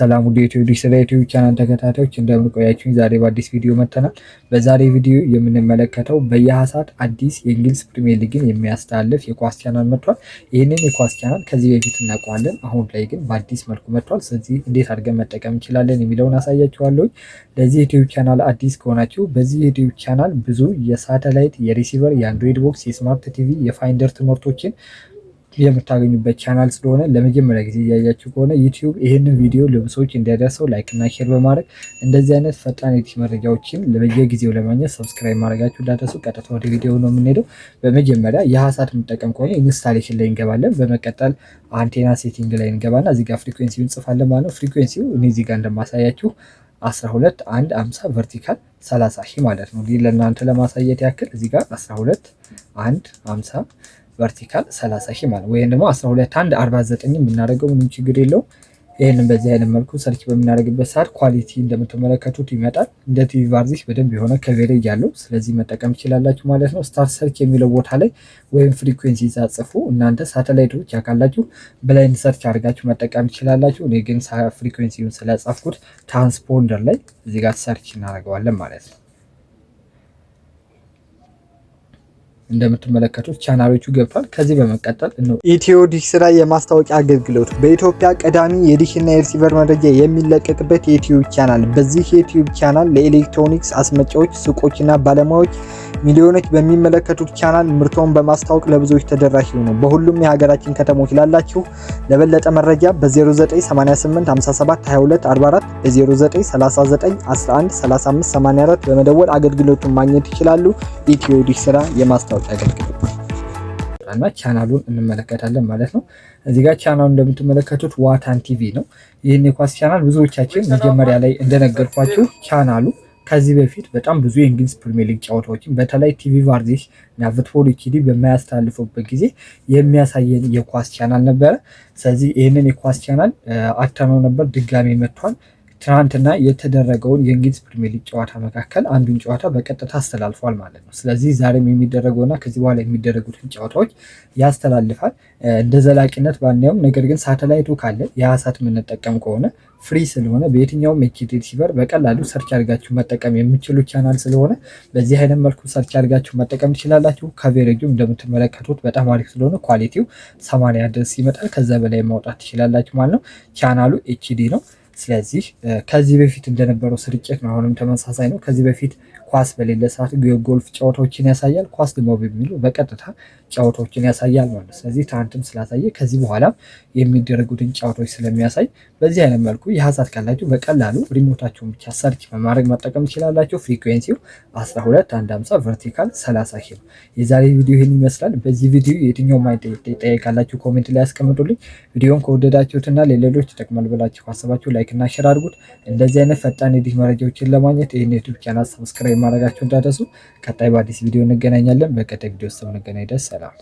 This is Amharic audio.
ሰላም ውድ የኢትዮ ዲሽ ስራ ዩቲዩብ ቻናል ተከታታዮች እንደምንቆያችሁኝ፣ ዛሬ በአዲስ ቪዲዮ መጥተናል። በዛሬ ቪዲዮ የምንመለከተው በየሀሳት አዲስ የእንግሊዝ ፕሪሚየር ሊግን የሚያስተላልፍ የኳስ ቻናል መጥቷል። ይህንን የኳስ ቻናል ከዚህ በፊት እናውቀዋለን፣ አሁን ላይ ግን በአዲስ መልኩ መጥቷል። ስለዚህ እንዴት አድርገን መጠቀም እንችላለን የሚለውን አሳያችኋለሁ። ለዚህ ዩቲዩብ ቻናል አዲስ ከሆናችሁ በዚህ ዩቲዩብ ቻናል ብዙ የሳተላይት የሪሲቨር፣ የአንድሮይድ ቦክስ፣ የስማርት ቲቪ፣ የፋይንደር ትምህርቶችን የምታገኙበት ቻናል ስለሆነ ለመጀመሪያ ጊዜ እያያችሁ ከሆነ ዩቲዩብ ይህንን ቪዲዮ ለብሶዎች እንዲያደርሰው ላይክ እና ሼር በማድረግ እንደዚህ አይነት ፈጣን የዩቲዩብ መረጃዎችን ለበየጊዜው ለማግኘት ሰብስክራይብ ማድረጋችሁ እንዳደረሱ። ቀጥታ ወደ ቪዲዮ ነው የምንሄደው። በመጀመሪያ የሀሳት የምንጠቀም ከሆነ ኢንስታሌሽን ላይ እንገባለን። በመቀጠል አንቴና ሴቲንግ ላይ እንገባና እዚጋ ፍሪኩንሲ እንጽፋለን ማለት ነው። ፍሪኩንሲው እኔ እዚጋ እንደማሳያችሁ 12 1 50 ቨርቲካል 30 ሺህ ማለት ነው። ለእናንተ ለማሳየት ያክል እዚጋ 12 1 50 ቨርቲካል 30 ሺህ ማለት ወይም ደግሞ 12 አንድ 49 የምናደርገው ምንም ችግር የለውም። ይህንን በዚህ አይነት መልኩ ሰርች በምናደርግበት ሰዓት ኳሊቲ እንደምትመለከቱት ይመጣል። እንደ ቲቪ ቫርዚስ በደንብ የሆነ ከቬሬጅ ያለው ስለዚህ መጠቀም ትችላላችሁ ማለት ነው። ስታር ሰርች የሚለው ቦታ ላይ ወይም ፍሪኩዌንሲ ጻጽፉ እናንተ ሳተላይቶች ያካላችሁ ብላይንድ ሰርች አድርጋችሁ መጠቀም ትችላላችሁ። እኔ ግን ፍሪኩዌንሲውን ስለጻፍኩት ትራንስፖንደር ላይ እዚህ ጋር ሰርች እናደርገዋለን ማለት ነው። እንደምትመለከቱት ቻናሎቹ ገብቷል። ከዚህ በመቀጠል ነው ኢትዮ ዲሽ ላይ የማስታወቂያ አገልግሎት በኢትዮጵያ ቀዳሚ የዲሽና የሪሲቨር መረጃ የሚለቀቅበት የዩትዩብ ቻናል። በዚህ የዩትዩብ ቻናል ለኤሌክትሮኒክስ አስመጪዎች፣ ሱቆችና ባለሙያዎች ሚሊዮኖች በሚመለከቱት ቻናል ምርቶን በማስታወቅ ለብዙዎች ተደራሽ ሆኑ። በሁሉም የሀገራችን ከተሞች ላላችሁ ለበለጠ መረጃ በ0988 57 በ0939 11 35 84 በመደወል አገልግሎቱን ማግኘት ይችላሉ። ኢትዮ ዲሽ ስራ የማስታወቂያ ማስታወቂያ ያገልግላል እና ቻናሉን እንመለከታለን ማለት ነው። እዚህ ጋር ቻናሉ እንደምትመለከቱት ዋታን ቲቪ ነው። ይህን የኳስ ቻናል ብዙዎቻችን መጀመሪያ ላይ እንደነገርኳችሁ ቻናሉ ከዚህ በፊት በጣም ብዙ የእንግሊዝ ፕሪሚየር ሊግ ጨዋታዎችን በተለይ ቲቪ ቫርዜሽ እና ፉትቦል ኢኪዲ በማያስተላልፉበት ጊዜ የሚያሳየን የኳስ ቻናል ነበረ። ስለዚህ ይህንን የኳስ ቻናል አተነው ነበር፣ ድጋሚ መጥቷል። ትናንትና የተደረገውን የእንግሊዝ ፕሪሚየር ሊግ ጨዋታ መካከል አንዱን ጨዋታ በቀጥታ አስተላልፏል ማለት ነው። ስለዚህ ዛሬም የሚደረገውና ከዚህ በኋላ የሚደረጉትን ጨዋታዎች ያስተላልፋል። እንደ ዘላቂነት ባናየውም፣ ነገር ግን ሳተላይቱ ካለ የሀሳት የምንጠቀም ከሆነ ፍሪ ስለሆነ በየትኛውም ኤችዲ ሪሲቨር በቀላሉ ሰርች አድርጋችሁ መጠቀም የምችሉ ቻናል ስለሆነ በዚህ አይነት መልኩ ሰርች አድርጋችሁ መጠቀም ትችላላችሁ። ከቬሬጁ እንደምትመለከቱት በጣም አሪፍ ስለሆነ ኳሊቲው ሰማንያ ድረስ ይመጣል። ከዛ በላይ ማውጣት ትችላላችሁ ማለት ነው። ቻናሉ ኤችዲ ነው። ስለዚህ ከዚህ በፊት እንደነበረው ስርጭት ነው። አሁንም ተመሳሳይ ነው። ከዚህ በፊት ኳስ በሌለ ሰዓት የጎልፍ ጨዋታዎችን ያሳያል። ኳስ ግባብ በሚሉ በቀጥታ ጨዋታዎችን ያሳያል ማለት ስለዚህ ትናንትም ስላሳየ ከዚህ በኋላ የሚደረጉትን ጨዋታዎች ስለሚያሳይ በዚህ አይነት መልኩ የሀሳት ካላችሁ በቀላሉ ሪሞታችሁን ብቻ ሰርች በማድረግ መጠቀም ትችላላችሁ። ፍሪኩዌንሲው 12150 ቨርቲካል 30 ኪሎ። የዛሬ ቪዲዮ ይህን ይመስላል። በዚህ ቪዲዮ የትኛው ማይ ጠይቃላችሁ ኮሜንት ላይ ያስቀምጡልኝ። ቪዲዮን ከወደዳችሁትና ለሌሎች ይጠቅማል ብላችሁ ካሰባችሁ ላይክ ላይክ እና ሼር አድርጉት። እንደዚህ አይነት ፈጣን የዲሽ መረጃዎችን ለማግኘት ይህን ዩቱብ ቻናል ሰብስክራይብ ማድረጋችሁ እንዳደሱ። ቀጣይ በአዲስ ቪዲዮ እንገናኛለን። በቀጣይ ቪዲዮ ውስጥ እንገናኝ። ደስ ሰላም